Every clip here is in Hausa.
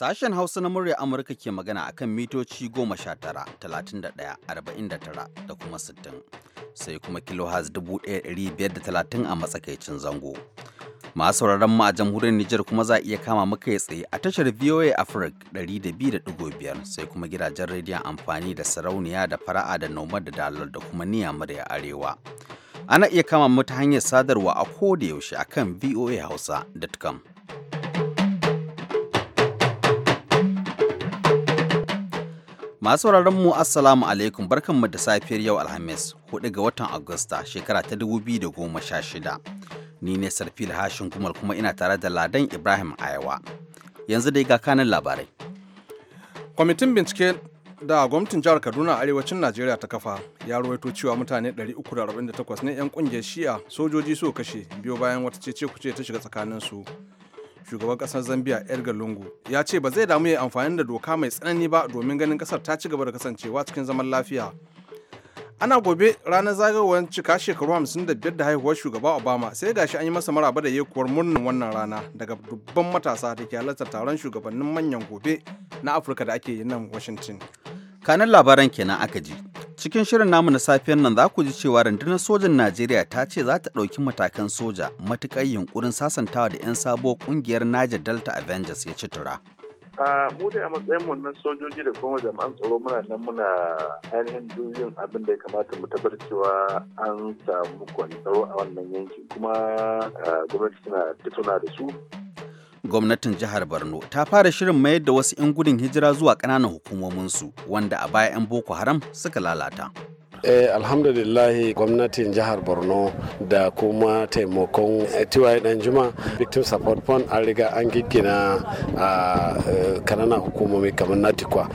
Sashen Hausa na murya Amurka ke magana a kan mitoci 19-31-49 da kuma 60 sai kuma kilohaz 1530 a matsakaicin zango. Masu sauraron mu a jamhuriyar Nijar kuma za a iya kama muka tsaye a tashar VOA Africa 200.5 sai kuma gidajen rediyon amfani da sarauniya da fara'a da nomad da dalar da kuma niya murya arewa. Ana iya kama mu ta hanyar sadarwa a koda yaushe akan voahausa.com. Masu sauraron mu Assalamu alaikum barkanmu da safiyar yau Alhamis 4 ga watan Agusta shekara ta 2016. Ni ne Sarfil Hashin Gumal kuma ina tare da Ladan Ibrahim Ayawa. Yanzu dai ga kanin labarai. Kwamitin bincike da gwamnatin jihar Kaduna arewacin Najeriya ta kafa ya rawaito cewa mutane 348 ne 'yan kungiyar Shi'a sojoji su kashe biyo bayan wata cece kuce ta shiga tsakaninsu. su. shugaban kasar zambia edgar lungu ya ce ba zai damu ya amfani da doka mai tsanani ba domin ganin kasar ta ci gaba da kasancewa cikin zaman lafiya ana gobe ranar zagayowar cika shekaru 55 da haihuwar shugaba obama sai gashi an yi masa maraba da yekuwar murnin wannan rana daga dubban matasa da ke halartar taron shugabannin manyan gobe na afirka da ake yi nan washington kanan labaran kenan aka ji Cikin shirin namu na safiyan nan za ku ji cewa rundunar sojan Najeriya ta ce za ta ɗauki matakan soja matuƙar yunkurin sasantawa da 'yan sabuwar ƙungiyar Niger Delta Avengers ya ci tura. mu dai a matsayin mu na sojoji da kuma jama'an tsaro muna nan muna ainihin duniyan abin da ya kamata mu tabbatar cewa an samu kwantaro a wannan yankin kuma gwamnati suna tattauna da su gwamnatin jihar borno ta fara shirin mayar da wasu 'yan gudun hijira zuwa ƙananan hukumominsu wanda a baya 'yan boko haram suka lalata Eh, alhamdulillahi gwamnatin jihar borno da kuma taimakon eh, tiwaye dan juma victim support fund an riga an giggina a kanana eh, hukumomi kamar natikwa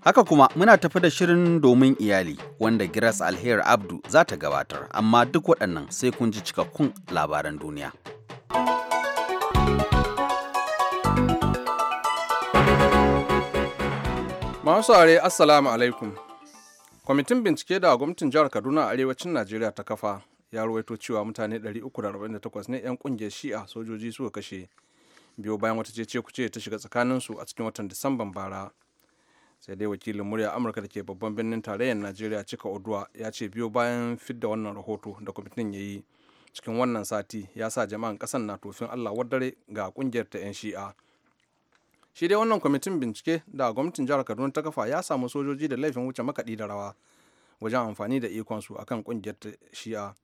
haka kuma muna tafi da shirin domin iyali wanda giras alheri abdu za ta gabatar amma duk waɗannan sai kun ji cikakkun labaran duniya. Masu are Assalamu alaikum. Kwamitin bincike da gwamnatin jihar Kaduna a arewacin Najeriya ta kafa ya ruwaito cewa mutane 348 ne 'yan kungiyar shi'a sojoji suka kashe biyo bayan wata cece kuce ta shiga tsakaninsu a cikin watan Disamban bara. Sai dai wakilin murya Amurka da ke babban birnin tarayyar Najeriya cika Oduwa ya ce biyo bayan fidda wannan rahoto da kwamitin ya yi cikin wannan sati ya sa jama'an kasan na tofin Allah wadare ga kungiyar ta 'yan shi'a. shi dai wannan kwamitin bincike da gwamnatin jihar kaduna ta kafa ya samu sojoji da laifin wuce makaɗi da rawa wajen amfani da ikon su akan kungiyar shi'a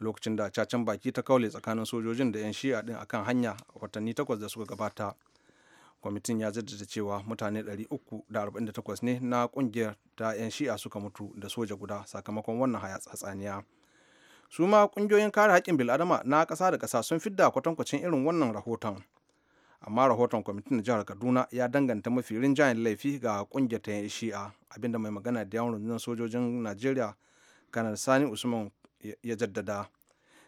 lokacin da cacen baki ta kaule tsakanin sojojin da 'yan shi'a din akan hanya watanni takwas da suka gabata kwamitin ya jaddada cewa mutane 348 ne na kungiyar ta 'yan shi'a suka mutu da soja guda sakamakon wannan hatsaniya su ma kungiyoyin kare haƙƙin bil'adama na ƙasa da ƙasa sun fidda kwatankwacin irin wannan rahoton amma rahoton kwamitin na jihar kaduna ya danganta mafi rinjayen laifi ga kungiyar ta shi'a abinda mai magana da yawon rundunar sojojin najeriya kanar sani usman ya jaddada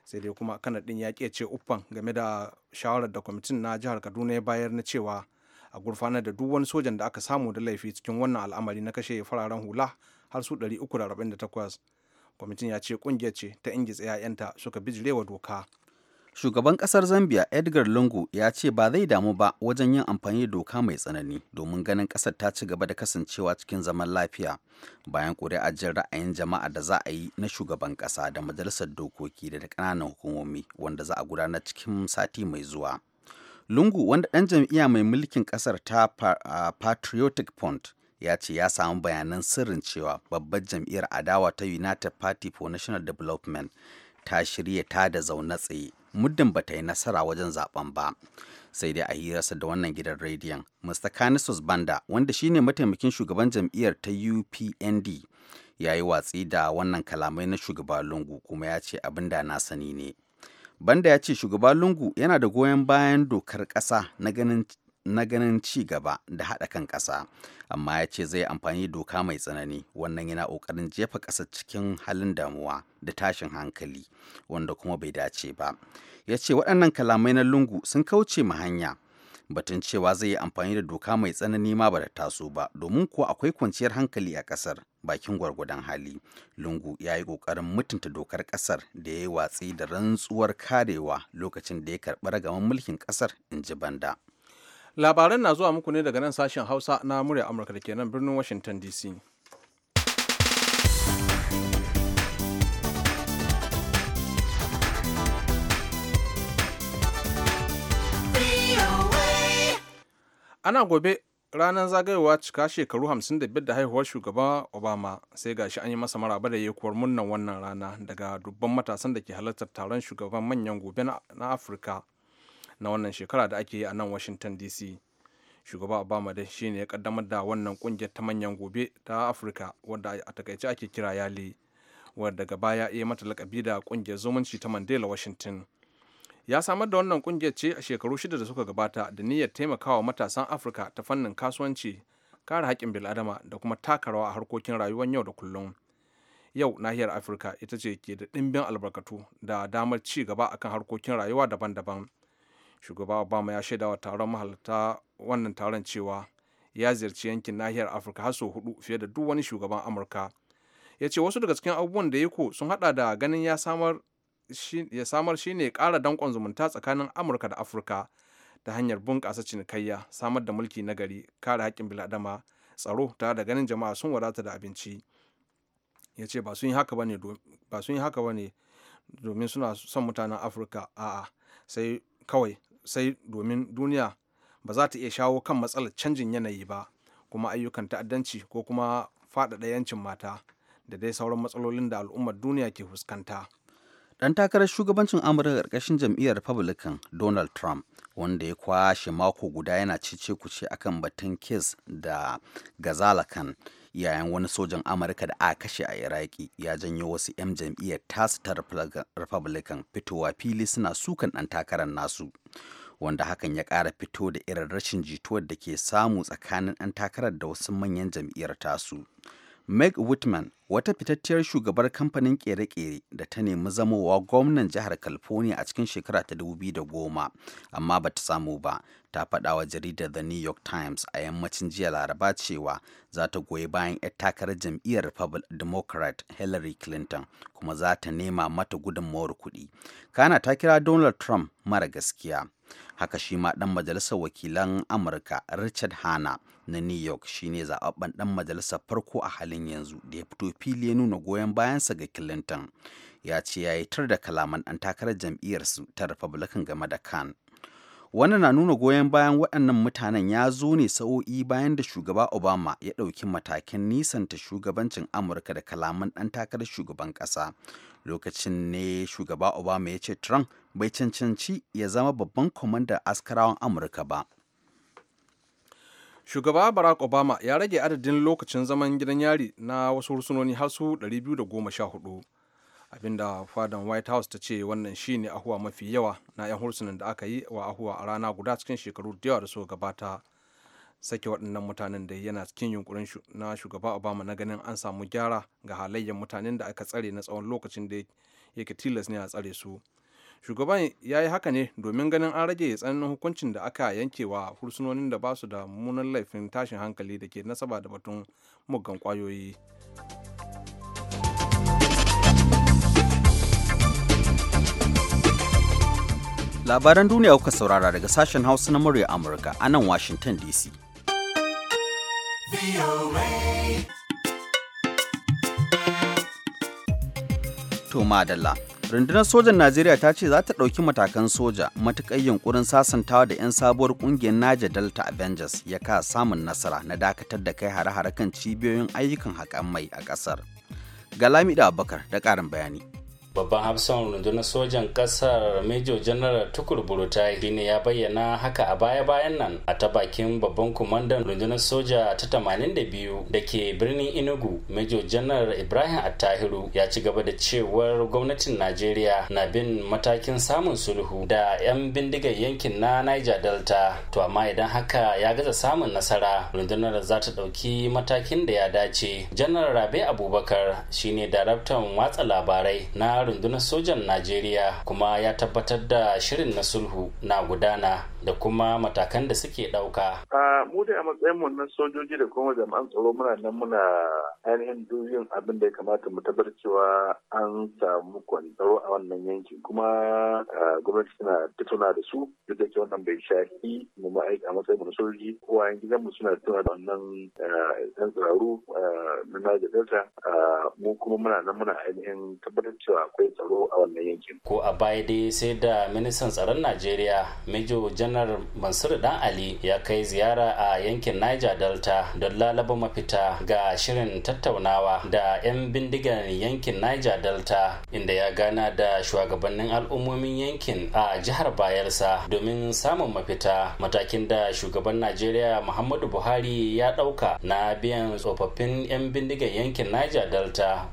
sai dai kuma kanar din ya ce uffan game da shawarar da kwamitin na jihar kaduna ya bayar na cewa a gurfanar da duk wani sojan da aka samu da laifi cikin wannan al'amari na kashe fararen hula har su da 348 kwamitin ya ce kungiyar ce ta ingitsa 'ya'yanta suka bijirewa doka Shugaban ƙasar Zambia Edgar Lungu ya ce ba zai damu ba wajen yin amfani da doka mai tsanani domin ganin ƙasar ta ci gaba da kasancewa cikin zaman lafiya bayan ƙuri'a jin ra'ayin jama'a da za a yi na shugaban ƙasa da majalisar dokoki da ƙananan hukumomi wanda za a gudanar cikin sati mai zuwa. Lungu wanda ɗan jam'iyya mai mulkin ƙasar ta Patriotic Front ya ce ya samu bayanan sirrin cewa babbar jam'iyyar adawa ta United Party for National Development ta shirya ta da zaune tsaye muddin ba ta yi nasara wajen zaben ba sai dai a hirarsa da wannan gidan rediyon mr canisus banda wanda shine mataimakin shugaban jam'iyyar ta upnd ya yi watsi da wannan kalamai na shugaba lungu kuma ya ce abin da na sani ne banda ya ce shugaba lungu yana da goyon bayan dokar ƙasa na ganin na ganin ci gaba da haɗa kan ƙasa amma ya ce zai amfani doka mai tsanani wannan yana ƙoƙarin jefa ƙasa cikin halin damuwa da tashin hankali wanda kuma bai dace ba ya ce waɗannan kalamai na lungu sun kauce ma hanya batun cewa zai yi amfani da doka mai tsanani ma ba da taso ba domin kuwa akwai kwanciyar hankali a ƙasar bakin gwargwadon hali lungu ya yi ƙoƙarin mutunta dokar ƙasar da ya yi watsi da rantsuwar karewa lokacin da ya karɓi ragaman mulkin ƙasar in ji banda labaran na zuwa muku ne daga nan sashen hausa na murya amurka da ke nan birnin washington dc ana gobe ranar zagayowa cika shekaru 55 da haihuwar shugaba obama sai gashi an yi masa maraba da yekuwar murnan wannan rana daga dubban matasan da ke halartar taron shugaban manyan gobe na afirka na wannan shekara da ake yi a nan washington dc shugaba obama dai shine ya kaddamar da wannan kungiyar ta manyan gobe ta afirka wadda a takaice ake kira yali wadda daga baya ya mata lakabi da kungiyar zumunci ta mandela washington ya samar da wannan kungiyar ce a shekaru shida da suka gabata da niyyar taimakawa matasan afirka ta fannin kasuwanci kare haƙƙin bil'adama da kuma taka rawa a harkokin rayuwar yau da kullum yau nahiyar afirka ita ce ke da ɗimbin albarkatu da damar ci gaba akan harkokin rayuwa daban-daban shugaba obama ya shaidawa taron mahalarta wannan taron cewa ya ziyarci yankin nahiyar afirka har sau hudu fiye da duk wani shugaban amurka ya ce wasu daga cikin abubuwan da ya ko sun hada da ganin ya samar ya samar shine kara dankon zumunta tsakanin amurka da afirka ta hanyar bunƙasa cinikayya samar da mulki na gari kare haƙƙin biladama tsaro tare da ganin jama'a sun wadata da abinci ya ce ba sun yi haka ba ne domin suna son mutanen afirka a'a sai kawai sai domin duniya ba za ta iya shawo kan matsalar canjin yanayi ba kuma ayyukan ta'addanci ko kuma faɗaɗa 'yancin mata da dai sauran matsalolin da al'ummar duniya ke fuskanta. Ɗan takarar shugabancin Amurka ƙarƙashin jam'iyyar Republican Donald Trump wanda ya kwashe mako guda yana cece kuce akan batun kes da Gazala kan yayin wani sojan amurka da aka kashe a iraki ya janyo wasu 'yan jam'iyyar tasu ta republican fitowa fili suna sukan ɗan takarar nasu wanda hakan ya ƙara fito da irin rashin jituwar da ke samu tsakanin ɗan takarar da wasu manyan jam'iyyar tasu meg whitman wata fitacciyar shugabar kamfanin kere-kere da ta nemi zamowa gwamnan jihar california a cikin shekara ta 2010 amma ba ta samu ba ta faɗa wa jaridar the new york times a yammacin jiya laraba cewa za ta goyi bayan 'yar takarar jam'iyyar democrat hillary clinton kuma za ta nema mata gudunmawar kuɗi kana ta kira donald trump mara gaskiya haka shi ma ɗan majalisar wakilan amurka richard hanna na new york shine zaɓaɓɓen ɗan majalisar farko a halin yanzu da ya fito fili ya nuna goyon bayansa ga Clinton. Ya ce ya yi tar da kalaman ɗan takarar jam'iyyarsu ta Republican game da Khan. Wannan na nuna goyon bayan waɗannan mutanen ya zo ne sa'o'i bayan da shugaba Obama ya ɗauki matakin nisanta shugabancin Amurka da kalaman ɗan takarar shugaban ƙasa. Lokacin ne shugaba Obama ya ce Trump bai cancanci ya zama babban kwamandan askarawan Amurka ba. shugaba barack obama ya rage adadin lokacin zaman gidan yari na wasu hursunoni har su 214 abinda fadan white house ta ce wannan shi ne ahuwa mafi yawa na 'yan hursunan da aka yi wa ahuwa a rana guda cikin shekaru da yawa da suka gabata sake waɗannan mutanen da yana cikin yunkurin na shugaba obama na ganin an samu gyara ga halayyar mutanen da aka tsare na tsawon lokacin da yake tilas ne a tsare su shugaban ya yi haka ne domin ganin an rage tsananin hukuncin da aka yanke wa fursunonin da ba su da mummunan laifin tashin hankali da ke nasaba da batun muggan kwayoyi labaran duniya kuka saurara daga sashen hausa na murya amurka a nan washington dc to madalla rundunar sojan najeriya ta ce za ta ɗauki matakan soja matuƙar yunkurin sasantawa da 'yan sabuwar ƙungiyar naja delta avengers ya ka samun nasara na dakatar da kai hare-hare kan cibiyoyin ayyukan haƙan mai a ƙasar ga da abubakar da ƙarin bayani babban hafsan rundunar sojan kasar major general tukur burutai shine ya bayyana haka a baya-bayan nan a ta bakin babban kumandan rundunar soja ta 82 da ke birnin inugu major general ibrahim attahiru ya ci gaba da cewar gwamnatin najeriya na bin matakin samun sulhu da 'yan bindigar yankin na niger delta to amma idan haka ya gaza samun nasara rundunar za ta ɗauki matakin da ya dace general rabe abubakar shine daraktan watsa labarai na na rundunar sojan najeriya kuma ya tabbatar da shirin na sulhu na gudana da kuma matakan da suke ɗauka. mu dai a matsayin mu na sojoji da kuma jami'an tsaro muna nan muna ainihin duyin abin da ya kamata mu tabbatar cewa an samu kwantaro a wannan yankin kuma gwamnati tana tattauna da su duk da ke wannan bai shafi mu ma aiki a matsayin mu na sojoji wayan gidan mu suna tattauna da wannan ɗan tsaro na Niger Delta mu kuma muna nan muna ainihin tabbatar cewa akwai tsaro a wannan yankin. Ko a baya dai sai da ministan tsaron Najeriya Mejo Janar Mansur Dan Ali ya kai ziyara a yankin Niger Delta don lalaba mafita ga shirin tattaunawa da 'yan bindigar yankin Niger Delta inda ya gana da shugabannin al'ummomin yankin a jihar Bayelsa domin samun mafita matakin da shugaban Najeriya Muhammadu Buhari ya ɗauka na biyan tsofaffin 'yan bindigar yankin Niger Delta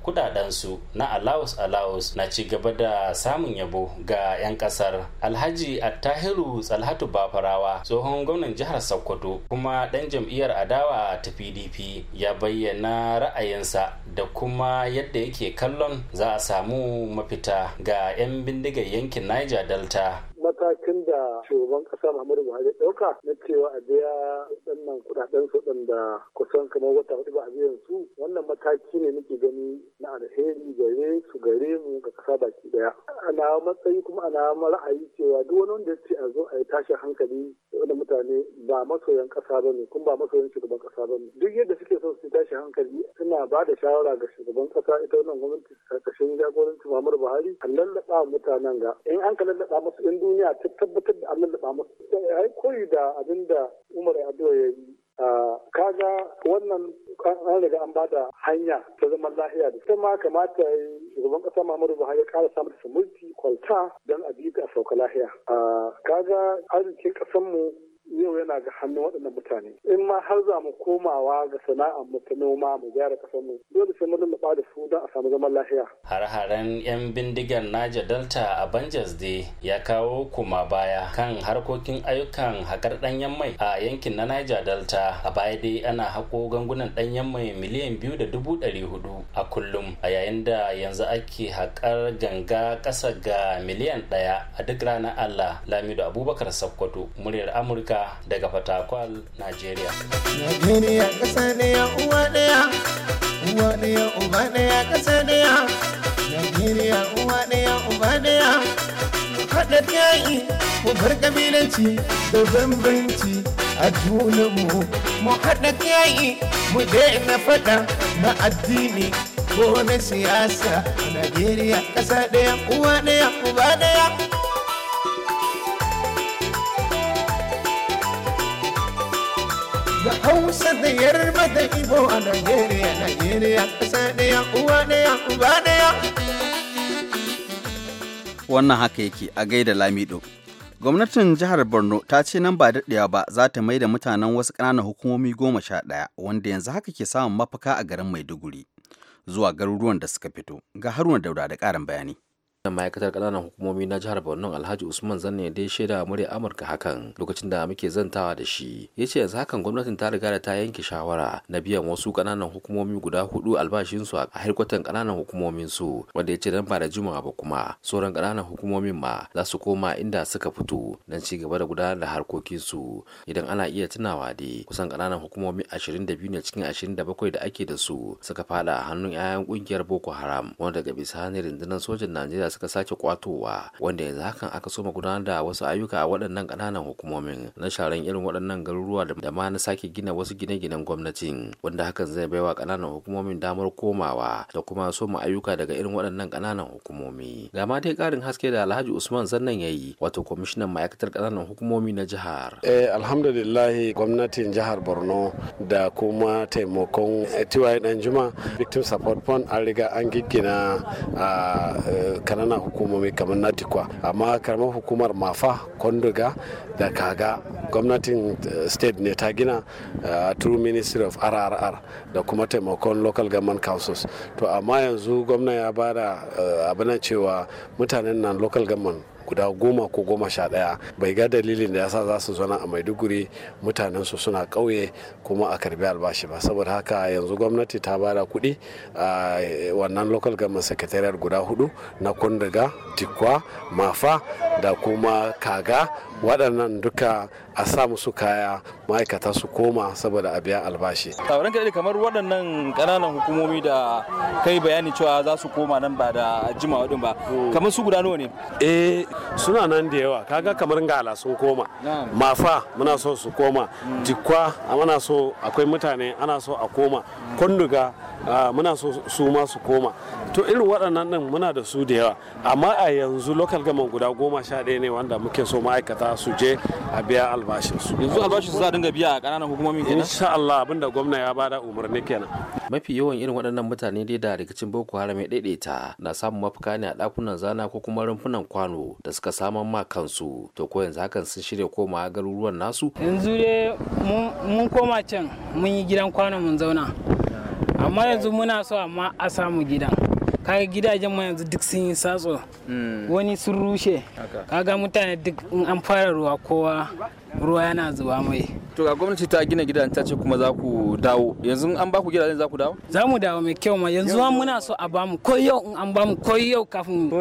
su na alaus-alaus Bulus na ci gaba da samun yabo ga 'yan kasar. Alhaji Attahiru Tsalhatu Bafarawa tsohon gwamnan jihar Sokoto kuma ɗan jam'iyyar adawa ta PDP ya bayyana ra'ayinsa da kuma yadda yake kallon za a samu mafita ga 'yan bindigar yankin Niger Delta. matakin da shugaban kasa Muhammadu Buhari ɗauka na cewa a biya waɗannan kuɗaɗen su da kusan kamar wata hudu ba a biyan su wannan mataki ne nake gani da alheri gare su gare mu ga kasa baki daya ana matsayi kuma ana ra'ayi cewa duk wani wanda ya ce a zo a yi tashin hankali wanda mutane ba masoyan kasa ba ne kuma ba masoyan shugaban kasa ba ne duk yadda suke so su tashi hankali suna ba da shawara ga shugaban kasa ita wannan gwamnati karkashin jagorancin muhammad Buhari a lallaba mutanen ga in an ka lallaba musu in duniya ta tabbatar da an lallaba musu ai koyi da abinda Umar Abdullahi ya yi Ka ga wannan an riga an bada hanya ta zaman lahiya da ma kamata shugaban kasa Muhammadu Buhari ya kara samun da mulki kwalta don a bi ga sauka lahiya. Kaga arzikin kasanmu yau yana ga hannun waɗannan mutane in ma har za mu komawa ga sana'ar mu ta noma mu gyara kasar mu dole sai mun nuna da su don a samu zaman lafiya har-haren yan bindigar Naja Delta a Banjas dai ya kawo kuma baya kan harkokin ayyukan haƙar ɗanyen mai a yankin na Niger Delta a baya dai ana haƙo gangunan ɗanyen mai miliyan biyu da dubu ɗari hudu a kullum a yayin da yanzu ake haƙar ganga ƙasa ga miliyan ɗaya a duk ranar Allah Lamido Abubakar Sokoto muryar Amurka Amurka daga Fatakwal, Najeriya. Najeriya ƙasa ɗaya uwa ɗaya, uwa ɗaya uba ɗaya ƙasa ɗaya. Najeriya uwa ɗaya uba ɗaya. Haɗa yayi mu bar ƙabilanci da bambanci a junanmu. Mu haɗa yayi mu daina faɗa na addini ko na siyasa. Najeriya ƙasa ɗaya uwa ɗaya uba ɗaya. hausa da yarba da ibo a nigeria nigeria wannan haka yake a gaida lamido gwamnatin jihar borno ta ce nan ba daɗewa ba za ta mai da mutanen wasu ƙananan hukumomi goma sha ɗaya wanda yanzu haka ke samun mafaka a garin maiduguri zuwa garuruwan da suka fito ga haruna daura da ƙarin bayani da ma'aikatar ƙananan hukumomi na jihar borno alhaji usman zanne da ya shaida murya amurka hakan lokacin da muke zantawa da shi ya ce yanzu hakan gwamnatin ta riga da ta yanke shawara na biyan wasu kananan hukumomi guda hudu albashinsu a harkwatan kananan hukumomin su wanda ya ce dan ba da juma'a ba kuma sauran kananan hukumomin ma za su koma inda suka fito don ci gaba da gudanar da harkokinsu idan ana iya tunawa dai kusan ƙananan hukumomi 22 ne cikin 27 da ake da su suka fada a hannun 'ya'yan ƙungiyar boko haram wanda daga bisani rundunar sojan najeriya suka sake kwatowa wanda yanzu hakan aka soma gudanar da wasu ayyuka a waɗannan ƙananan hukumomin na sharan irin waɗannan garuruwa da ma na sake gina wasu gine-ginen gwamnatin wanda hakan zai baiwa ƙananan hukumomin damar komawa da kuma soma ayyuka daga irin waɗannan ƙananan hukumomi ga ma dai ƙarin haske da alhaji usman zannan ya yi wato kwamishinan ma'aikatar ƙananan hukumomi na jihar. eh alhamdulillahi gwamnatin jihar borno da kuma taimakon eh, tiwaye danjuma victim support fund an riga an giggina a ah, eh, ana hukumomi kamar natikwa amma karamar hukumar mafa kwanduga da kaga gwamnatin eh, state ne ta gina eh, through ministry of rrr da kuma taimakon local government councils to amma yanzu gwamna ya bada eh, abinan cewa mutanen nan local government guda goma ko goma sha ɗaya bai ga dalilin da yasa za su zana a maiduguri mutanen su suna ƙauye kuma a karbi albashi ba saboda haka yanzu gwamnati ta bada kuɗi a wannan local government secretariat guda hudu na kundiga tikwa mafa da kuma kaga waɗannan duka a sa musu kaya ma'aikata su koma saboda a biya albashi. tawarin kaɗai kamar waɗannan ƙananan hukumomi da kai bayani cewa za su koma nan ba da jimawa ɗin ba mm. kamar su guda nawa ne? eh suna nan da yawa kaga kamar ngala sun koma mafa muna so su koma jikwa mm. muna so akwai mutane ana so a koma mm. kunduga ah, muna so su ma su koma to irin waɗannan ɗin muna da su da yawa amma a yanzu local gaman guda goma sha ɗaya ne wanda muke so ma'aikata su je a biya albashin su yanzu albashin su za dinga biya a ƙananan hukumomin kenan insha Allah abinda gwamna ya bada umarni kenan mafi yawan irin waɗannan mutane dai da rikicin boko haram ya daidaita na samun mafaka ne a dakunan zana ko kuma rumfunan kwano da suka saman ma kansu to ko yanzu hakan sun shirya ga garuruwan nasu yanzu dai mun koma can mun yi gidan kwano mun zauna amma yanzu muna so amma a samu gidan kaga gidajen ma yanzu duk sun yi satso hmm. wani sun rushe kaga mutane duk in an fara ruwa kowa ruwa yana zuba mai to ga gwamnati ta gina gidan ta ce kuma za ku dawo yanzu an ba ku gidajen za ku dawo za mu dawo mai kyau ma yanzu muna so a bamu ko yau in an bamu ko yau kafin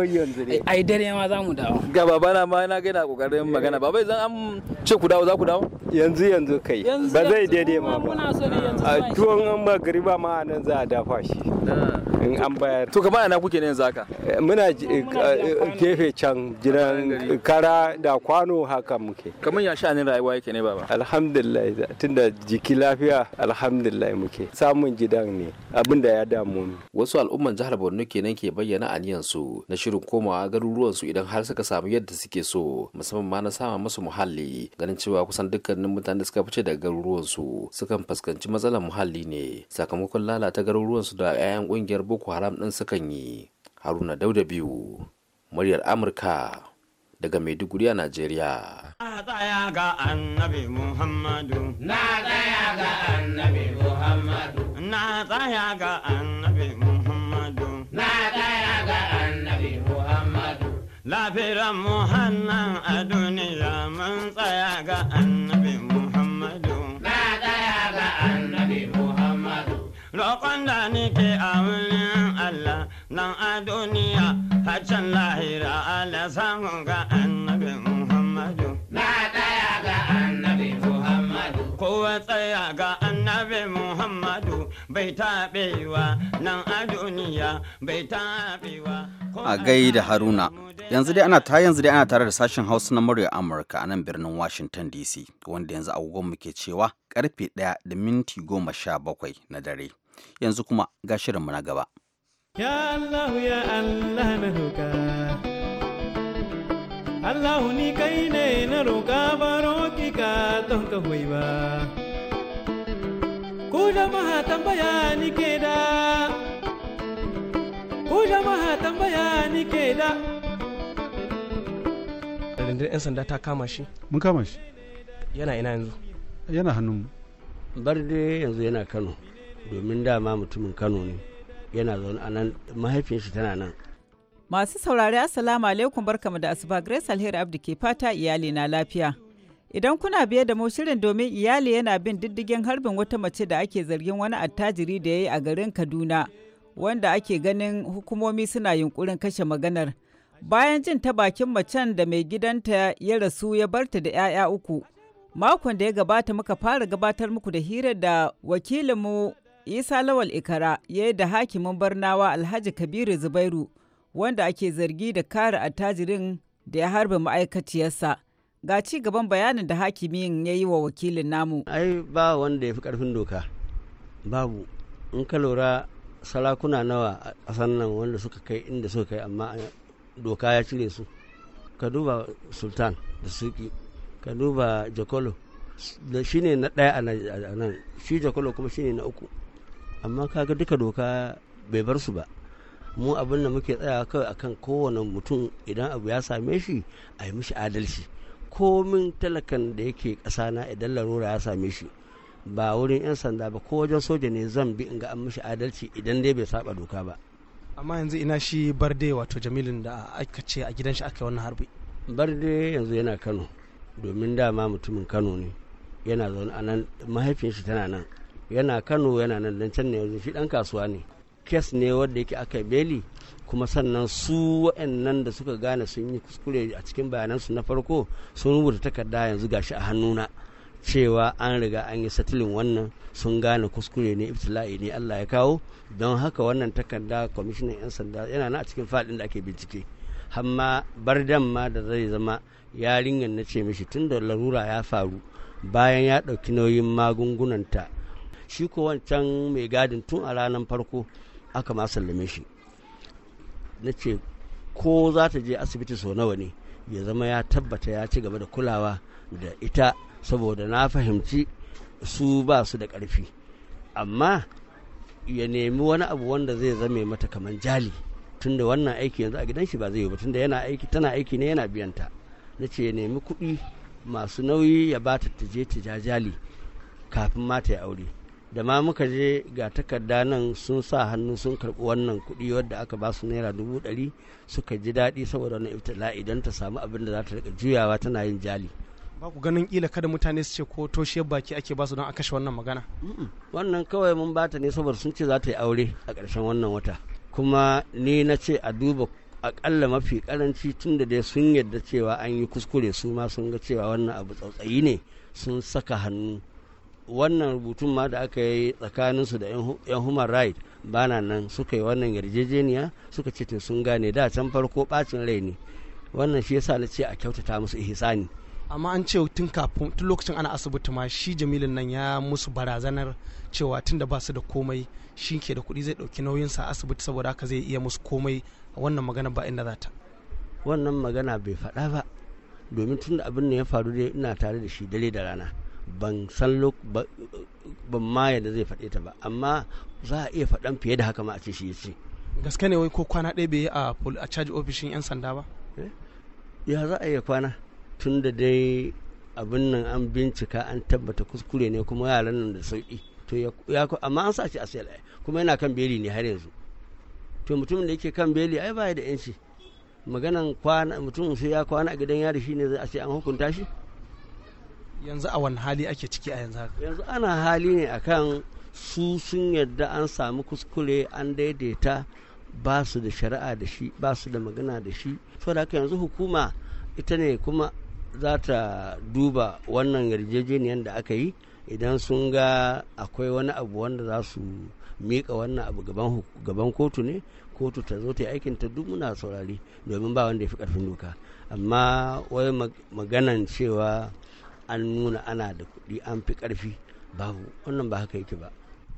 a dare ma za mu dawo ga na ma na ina kokarin magana baba idan an ce ku dawo za ku dawo yanzu yanzu kai ba zai daidai ma ba a tuwon an ba gari ba ma nan za a dafa shi ah. in an bayar to kamar ana kuke ne yanzu haka eh, muna eh, eh, gefe can gidan kara da kwano haka muke kamar ya sha ne rayuwa yake ne baba alhamdulillah tunda jiki lafiya alhamdulillah muke samun gidan ne abin da ya damu mu wasu al'umman jihar Borno kenan ke bayyana su na shirin komawa garuruwan su idan har suka samu yadda suke so musamman ma na sama musu muhalli ganin cewa kusan dukkanin mutane suka fice daga garuruwan su sukan fuskanci matsalar muhalli ne sakamakon lalata garuruwan su da 'ya'yan kungiyar boko boko haram ɗin sukan yi haruna dauda biyu muryar amurka daga maiduguri a najeriya na tsaya ga annabi muhammadu na tsaya ga annabi tsaya ga muhannan a duniya mun tsaya ga annabi roƙon da nike a wurin Allah nan a duniya haccan lahira ala samu ga annabi Muhammadu. Na tsaya ga annabi Muhammadu. Kowa tsaya ga annabi Muhammadu bai taɓewa nan a duniya bai taɓewa. A gaida Haruna. yanzu dai ana ta yanzu dai ana tare da sashen hausa na murya amurka a nan birnin washington dc wanda yanzu agogonmu ke cewa karfe 1 da minti goma sha bakwai na dare Yanzu kuma ga shirinmu na gaba. Ya Allah ya Allah na roƙa. Allah ni kai ne na roƙa ba roƙi ka don ka hoyi ba. Ku jama'a tambaya ni ke da. Ku jama'a tambaya ni ke da. Da 'yan sanda ta kama shi? Mun kama shi. Yana ina yanzu? Yana hannun bar dai yanzu yana Kano. domin dama mutumin kano ne yana zaune a nan shi tana nan masu saurari assalamu alaikum barkamu da asuba grace alheri abdi ke fata iyali na lafiya idan kuna biye da mu shirin domin iyali yana bin diddigin harbin wata mace da ake zargin wani attajiri da ya yi a garin kaduna wanda ake ganin hukumomi suna yunkurin kashe maganar bayan jin ta bakin macen da mai gidanta ya rasu ya barta da 'ya'ya uku makon da ya gabata muka fara gabatar muku da hira da wakilinmu isa lawal ikara ya yi da hakimin barnawa alhaji kabiru zubairu wanda ake zargi da kare attajirin da ya harba ma'aikaciyarsa ga ci gaban bayanin da hakimin ya yi wa wakilin namu ai ba wanda ya fi karfin doka babu in ka lura sarakuna nawa a sannan wanda suka kai inda suka kai amma doka ya cire su ka duba sultan da suki ka duba jakolo da shine na ɗaya a nan shi jakolo kuma shine na uku amma kaga duka doka bai bar su ba mu abin da muke tsaya kawai akan kowane mutum idan abu ya same shi a yi mishi adalci komin talakan da yake ƙasa na idan larura ya same shi ba wurin 'yan sanda ba ko wajen soja ne zan bi in ga an mishi adalci idan dai bai saba doka ba amma yanzu ina shi barde wato jamilin da aka ce a gidan shi aka yi wannan harbi barde yanzu yana kano domin dama mutumin kano ne yana zaune a nan mahaifin shi tana nan yana kano yana nan dan can ne yanzu shi dan kasuwa ne kes ne wanda yake aka beli kuma sannan su waɗannan da suka gane sun yi kuskure a cikin bayanan su na farko sun rubuta takarda yanzu gashi a hannuna cewa an riga an yi satilin wannan sun gane kuskure ne ibtila'i ne Allah ya kawo don haka wannan takarda kwamishinan 'yan sanda yana na a cikin fadin da ake bincike bar bardan ma da zai zama yarinyar na ce mishi tun da larura ya faru bayan ya ɗauki nauyin magungunanta shi ko wancan mai gadin tun a ranar farko aka ma sallame shi na ce ko za ta je asibiti sau nawa ne ya zama ya tabbata ya ci gaba da kulawa da ita saboda na fahimci su ba su da ƙarfi amma ya nemi wani abu wanda zai zame mata kamar jali tunda wannan aiki yanzu a gidan shi ba zai yi ba tunda yana aiki tana aiki ne yana biyan ta na ce ya nemi kuɗi masu nauyi ya bata ta je ta ja jali kafin mata ya aure da ma muka je ga takarda nan sun sa hannu sun karɓi wannan kuɗi wadda aka ba su naira dubu ɗari suka ji daɗi saboda wannan ibtila'i idan ta samu abin da za ta riƙa juyawa tana yin jali ba ku ganin kila kada mutane su ce ko toshe baki ake ba su don a kashe wannan magana wannan kawai mun bata ne saboda sun ce za ta yi aure a ƙarshen wannan wata kuma ni na ce a duba aƙalla mafi karanci tun da dai sun yadda cewa an yi kuskure su ma sun ga cewa wannan abu tsautsayi ne sun saka hannu wannan rubutun ma da aka yi tsakaninsu da 'yan human right bana nan suka yi wannan yarjejeniya suka ce to sun gane da can farko bacin rai ne wannan shi yasa na ce a kyautata musu ihsani amma an ce tun kafin tun lokacin ana asibiti ma shi jamilin nan ya musu barazanar cewa tun da ba su da komai shi ke da kuɗi zai ɗauki nauyinsa asibiti saboda haka zai iya musu komai wannan magana ba inda za ta wannan magana bai faɗa ba domin tun da abin da ya faru dai ina tare da shi dare da rana ban san ban ma yadda zai faɗe ta ba amma za a iya faɗan fiye da haka ma a ce shi ya ce gaske ne wai ko kwana ɗaya bai yi a caji ofishin 'yan sanda ba eh? ya za a iya kwana tun da dai abin nan an bincika an tabbata kuskure ne kuma yaran nan da sauki to ya amma an sa shi a sel kuma yana kan beli ne har yanzu to mutumin da yake kan beli ai baya da yanci maganan kwana mutum sai ya kwana a gidan yari shine zai a ce an hukunta shi yanzu a wani hali ake ciki a yanzu haka yanzu ana hali ne akan su sun yadda an samu kuskure an daidaita ba su da shari'a da shi ba su da magana da shi saboda haka yanzu hukuma ita ne kuma za ta duba wannan yarjejeniyar da aka yi idan sun ga akwai wani abu wanda za su miƙa wannan abu gaban kotu ne kotu ta zo ta yi aikin ta duk muna saurari domin ba wanda ya fi karfin doka amma wai maganan cewa an nuna ana da kuɗi an fi ƙarfi babu wannan ba haka yake ba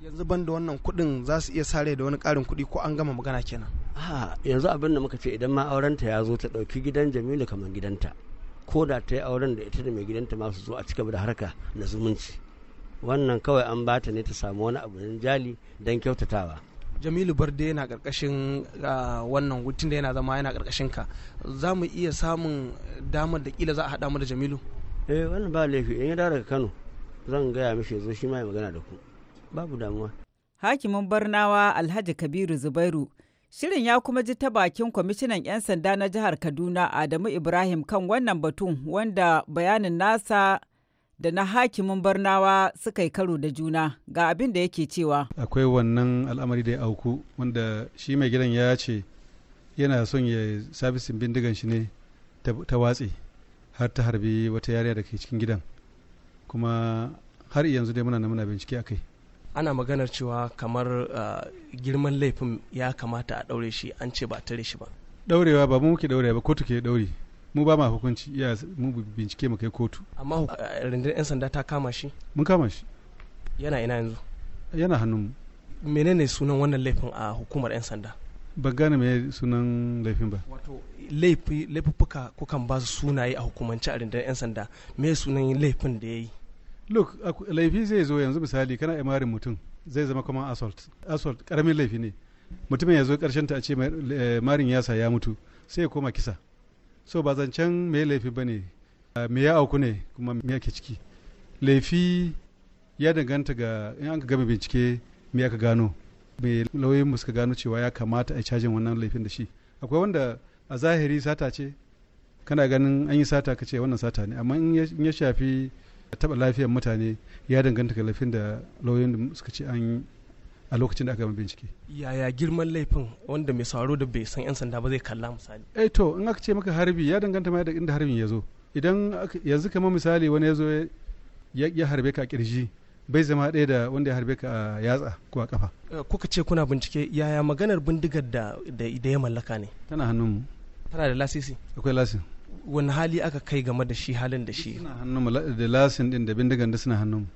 yanzu ban da wannan kuɗin za su iya sare da wani ƙarin kuɗi ko an gama magana kenan a yanzu abin da muka ce idan ma aurenta ya zo ta ɗauki gidan jamilu kamar gidanta ko da ta yi auren da ita da mai gidanta ma su zo a cigaba da harka na zumunci wannan kawai an bata ne ta samu wani abu jali don kyautatawa jamilu barde yana karkashin wannan hutun da yana zama yana karkashin ka za mu iya samun damar da kila za a haɗa mu da jamilu eh wannan ba laifi in ya dawo daga Kano zan gaya mishi zo shi ma ya magana da ku babu damuwa hakimin barnawa alhaji kabiru zubairu shirin ya kuma ji ta bakin kwamishinan 'yan sanda na jihar kaduna adamu ibrahim kan wannan batun wanda bayanin nasa da na hakimin barnawa suka yi karo da juna ga abin da yake cewa akwai wannan al'amari da ya auku wanda shi mai gidan ya ce yana son ya sabisin bindigan shi ne ta watse har ta harbi wata yariya da ke cikin gidan kuma har yanzu dai muna muna bincike a kai ana maganar cewa kamar ah, girman laifin ya kamata a daure shi an ce ba tare shi ba daurewa ba mu muke daure ba kotu ke daure mu ba ma hukunci iya mu bincike mu kai kotu amma ah, rundunar yan sanda ta kama shi mun kama shi yana ina yanzu yana hannun menene sunan wannan laifin a hukumar yan sanda ba gane mai sunan laifin ba wato laifuka kukan ba su sunaye a hukumance a rindar 'yan sanda me sunan laifin da ya yi look laifi zai zo yanzu misali kana imarin mutum zai zama kuma assault assault karamin laifi ne mutumin ya zo karshen ta a ce eh, marin yasa ya mutu sai ya koma kisa so ba zancen mai laifi ba ne me ya auku ne kuma me yake ciki laifi ya danganta ga in an ka gama bincike me aka gano Mai lauyoyinmu suka gano cewa ya kamata a cajin wannan laifin da shi akwai wanda a zahiri sata ce kana ganin an yi sata ka ce wannan sata ne amma in ya shafi taɓa lafiyar mutane ya danganta ga laifin da lauyoyin suka ce an a lokacin da aka gama bincike yaya girman laifin wanda mai sauraro da bai san 'yan sanda ba zai kalla misali eh to in aka ce maka harbi ya danganta ma da inda harbin ya zo idan yanzu kamar misali wani ya zo ya harbe ka kirji bai zama ɗaya da wanda ya harbe ka a yatsa ko a kafa eh, kuka ce kuna bincike yaya maganar bindigar da da ya mallaka ne tana hannun mu tana da lasisi akwai lasin wani hali aka kai game da shi halin da shi suna hannun mu da lasin din da bindigar da suna hannun mu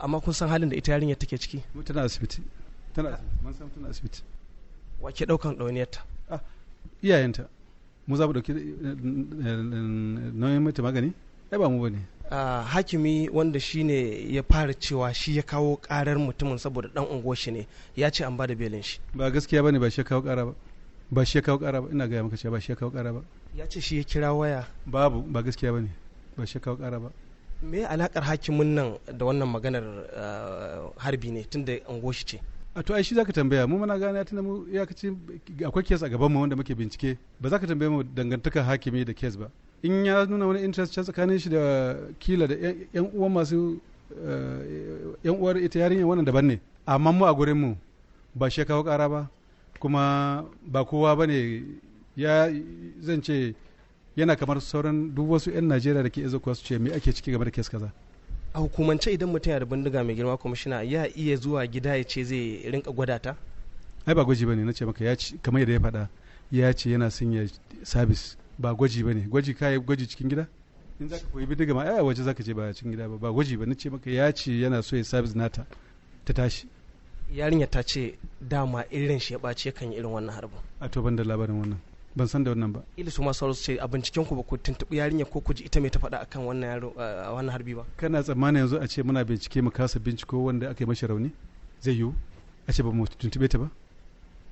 amma kun san halin da ita yarinyar take ciki tana asibiti tana mun san tana asibiti wace daukan ɗauniyarta ah, iyayenta mu za mu ɗauki eh, eh, nauyin mata magani ai ba mu bane hakimi wanda shi ne ya fara cewa shi ya kawo karar mutumin saboda dan unguwar shi ne ya ce an bada belin shi ba gaskiya bane ba shi ya kawo kara ba ba shi ya kawo kara ba ina gaya maka cewa ba shi ya kawo kara ba ya ce shi ya kira waya babu ba gaskiya bane ba shi ya kawo kara ba me alakar hakimin nan da wannan maganar harbi ne tunda unguwar shi ce a to ai shi zaka tambaya mu muna gane tunda mu ya kace akwai kes a gaban mu wanda muke bincike ba za ka tambaye mu dangantakar hakimi da kes ba in ya nuna wani interest can tsakanin shi da kila da yan uwa masu yan eh, uwar ita yarinya wannan daban ne amma mu a gurin mu ba shi kawo kara ba kuma ba kowa ba ne ya zan ce yana kamar sauran duk wasu 'yan najeriya da ke kuwa su ce me ake ciki game da kes kaza a hukumance idan mutum ya da bindiga mai girma kwamishina ya iya zuwa gida ya ce zai rinka gwada ta ai ba gwaji ba ne na ce maka ya ce kamar yadda ya faɗa ya ce yana sanya sabis ba gwaji ba ne gwaji ka yi gwaji cikin gida in za ka koyi bindiga ma a waje za ka je ba cikin gida ba ba gwaji ba ce maka ya ce yana so ya sabis nata ta tashi yarinya ta ce dama irin shi ya ɓaci yakan yi irin wannan harbin a to ban da labarin wannan ban san da wannan ba ilisu su ma sauran ce a binciken ku ba ku tuntuɓi yarinya ko ku ji ita mai ta faɗa akan wannan yaro a wannan harbi ba kana tsammanin yanzu a ce muna bincike mu kasa binciko wanda aka yi mashi rauni zai yiwu a ce ba mu tuntuɓe ta ba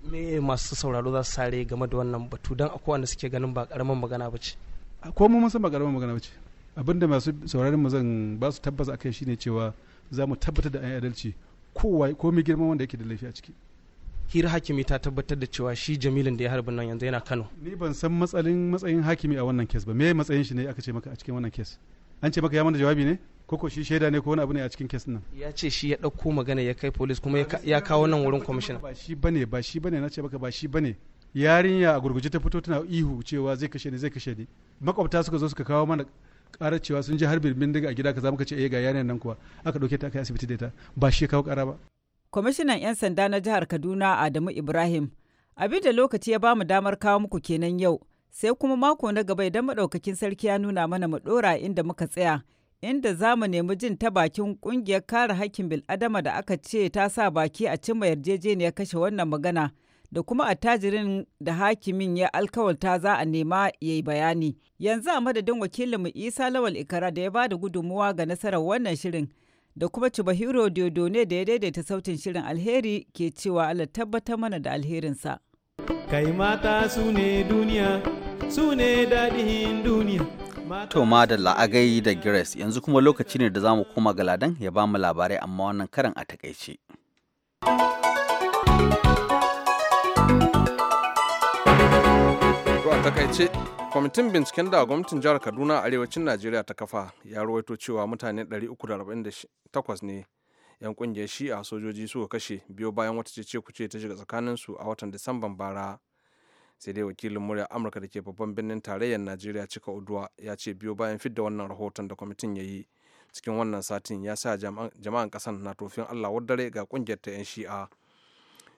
me masu sauraro za su sare game da wannan batu don akwai wanda suke ganin ba karamin magana ba ce ko mu mun san ba karamin magana ba ce abinda masu sauraron mu zan ba su tabbas akai shine cewa za mu tabbatar da an adalci kowa ko mai girman wanda yake da laifi a ciki hira hakimi ta tabbatar da cewa shi jamilin da ya harbin nan yanzu yana kano ni ban san matsalin matsayin hakimi a wannan kes ba me matsayin shi ne aka ce maka a cikin wannan kes an ce maka ya mana jawabi ne koko shi shaida ne ko wani abu ne a cikin kes nan ya ce shi ya ɗauko magana ya kai polis kuma ya kawo nan wurin kwamishina ba shi bane ba shi bane na ce baka ba shi bane yarinya a gurguje ta fito tana ihu cewa zai kashe ni zai kashe ni makwabta suka zo suka kawo mana ƙara cewa sun ji harbin bindiga a gida kaza muka ce eh ga yarinyar nan kuwa aka ɗauke ta kai asibiti da ita ba shi kawo ƙara ba kwamishinan 'yan sanda na jihar kaduna adamu ibrahim abin da lokaci ya bamu damar kawo muku kenan yau sai kuma mako na gaba idan madaukakin sarki ya nuna mana mu ɗora inda muka tsaya inda za mu nemi jin ta bakin kungiyar kare hakkin bil'adama da aka ce ta sa baki a cimma yarjejeniyar kashe wannan magana da kuma attajirin da hakimin ya alkawalta za a nema ya yi bayani. Yanzu a madadin wakilinmu Isa Lawal Ikara da ya ba da gudunmuwa ga nasarar wannan shirin da kuma Cibahiro Diodo ne da ya daidaita sautin shirin alheri ke cewa Allah tabbatar mana da alherinsa. Kai mata su ne duniya, su ne daɗin duniya. To ma da la'agai da Grace yanzu kuma lokaci ne da za mu koma ga ladan ya ba mu labarai amma wannan karan a takaice. To a takaice kwamitin binciken da gwamnatin jihar Kaduna a arewacin Najeriya ta kafa ya ruwaito cewa mutane 348 ne 'yan kungiyar a sojoji suka kashe biyo bayan wata cece kuce ta shiga tsakaninsu a watan Disamban bara. sai dai wakilin murya amurka da ke babban birnin tarayyar najeriya cika uduwa ya ce biyo bayan fidda wannan rahoton da kwamitin ya yi cikin wannan satin ya sa jama'an kasan na tofin allah wadare ga kungiyar ta 'yan shi'a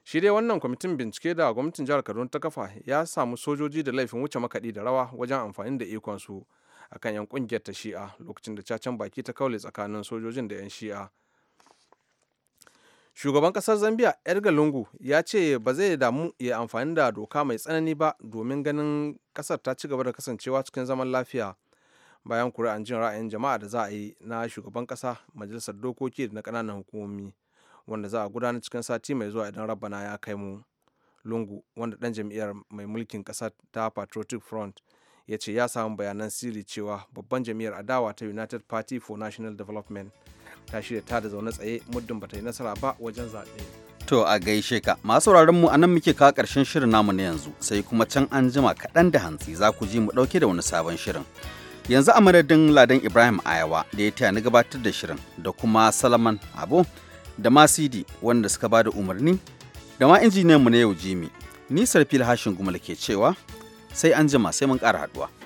shi dai wannan kwamitin bincike da gwamnatin jihar kaduna ta kafa ya samu sojoji da laifin wuce makaɗi da rawa wajen amfani da ikonsu akan 'yan kungiyar ta shi'a lokacin da cacen baki ta kaule tsakanin sojojin da 'yan shi'a shugaban kasar zambia edgar lungu ya ce ba zai damu ya amfani da doka mai tsanani ba domin ganin kasar ta ci gaba da kasancewa cikin zaman lafiya bayan kuri'an jin ra'ayin jama'a da za a yi na shugaban kasa majalisar dokoki da na kananan hukumomi wanda za a gudanar cikin sati mai zuwa idan rabana ya kai mu lungu wanda dan jam'iyyar mai mulkin kasa ta patriotic front ya ce ya samu bayanan sirri cewa babban jam'iyyar adawa ta united party for national development ta shirya ta da zaune tsaye muddin bata yi nasara ba wajen zaɓe. To a gaishe ka masu mu a nan muke kawo ƙarshen shirin namu na yanzu sai kuma can an jima kaɗan da hantsi za ku ji mu ɗauke da wani sabon shirin. Yanzu a madadin Ladan Ibrahim Ayawa da ya taya ni gabatar da shirin da kuma Salaman abu da ma Sidi wanda suka bada umarni da ma injiniyan mu na yau Jimi. Ni Sarfil Hashin Gumal ke cewa sai an jima sai mun ƙara haɗuwa.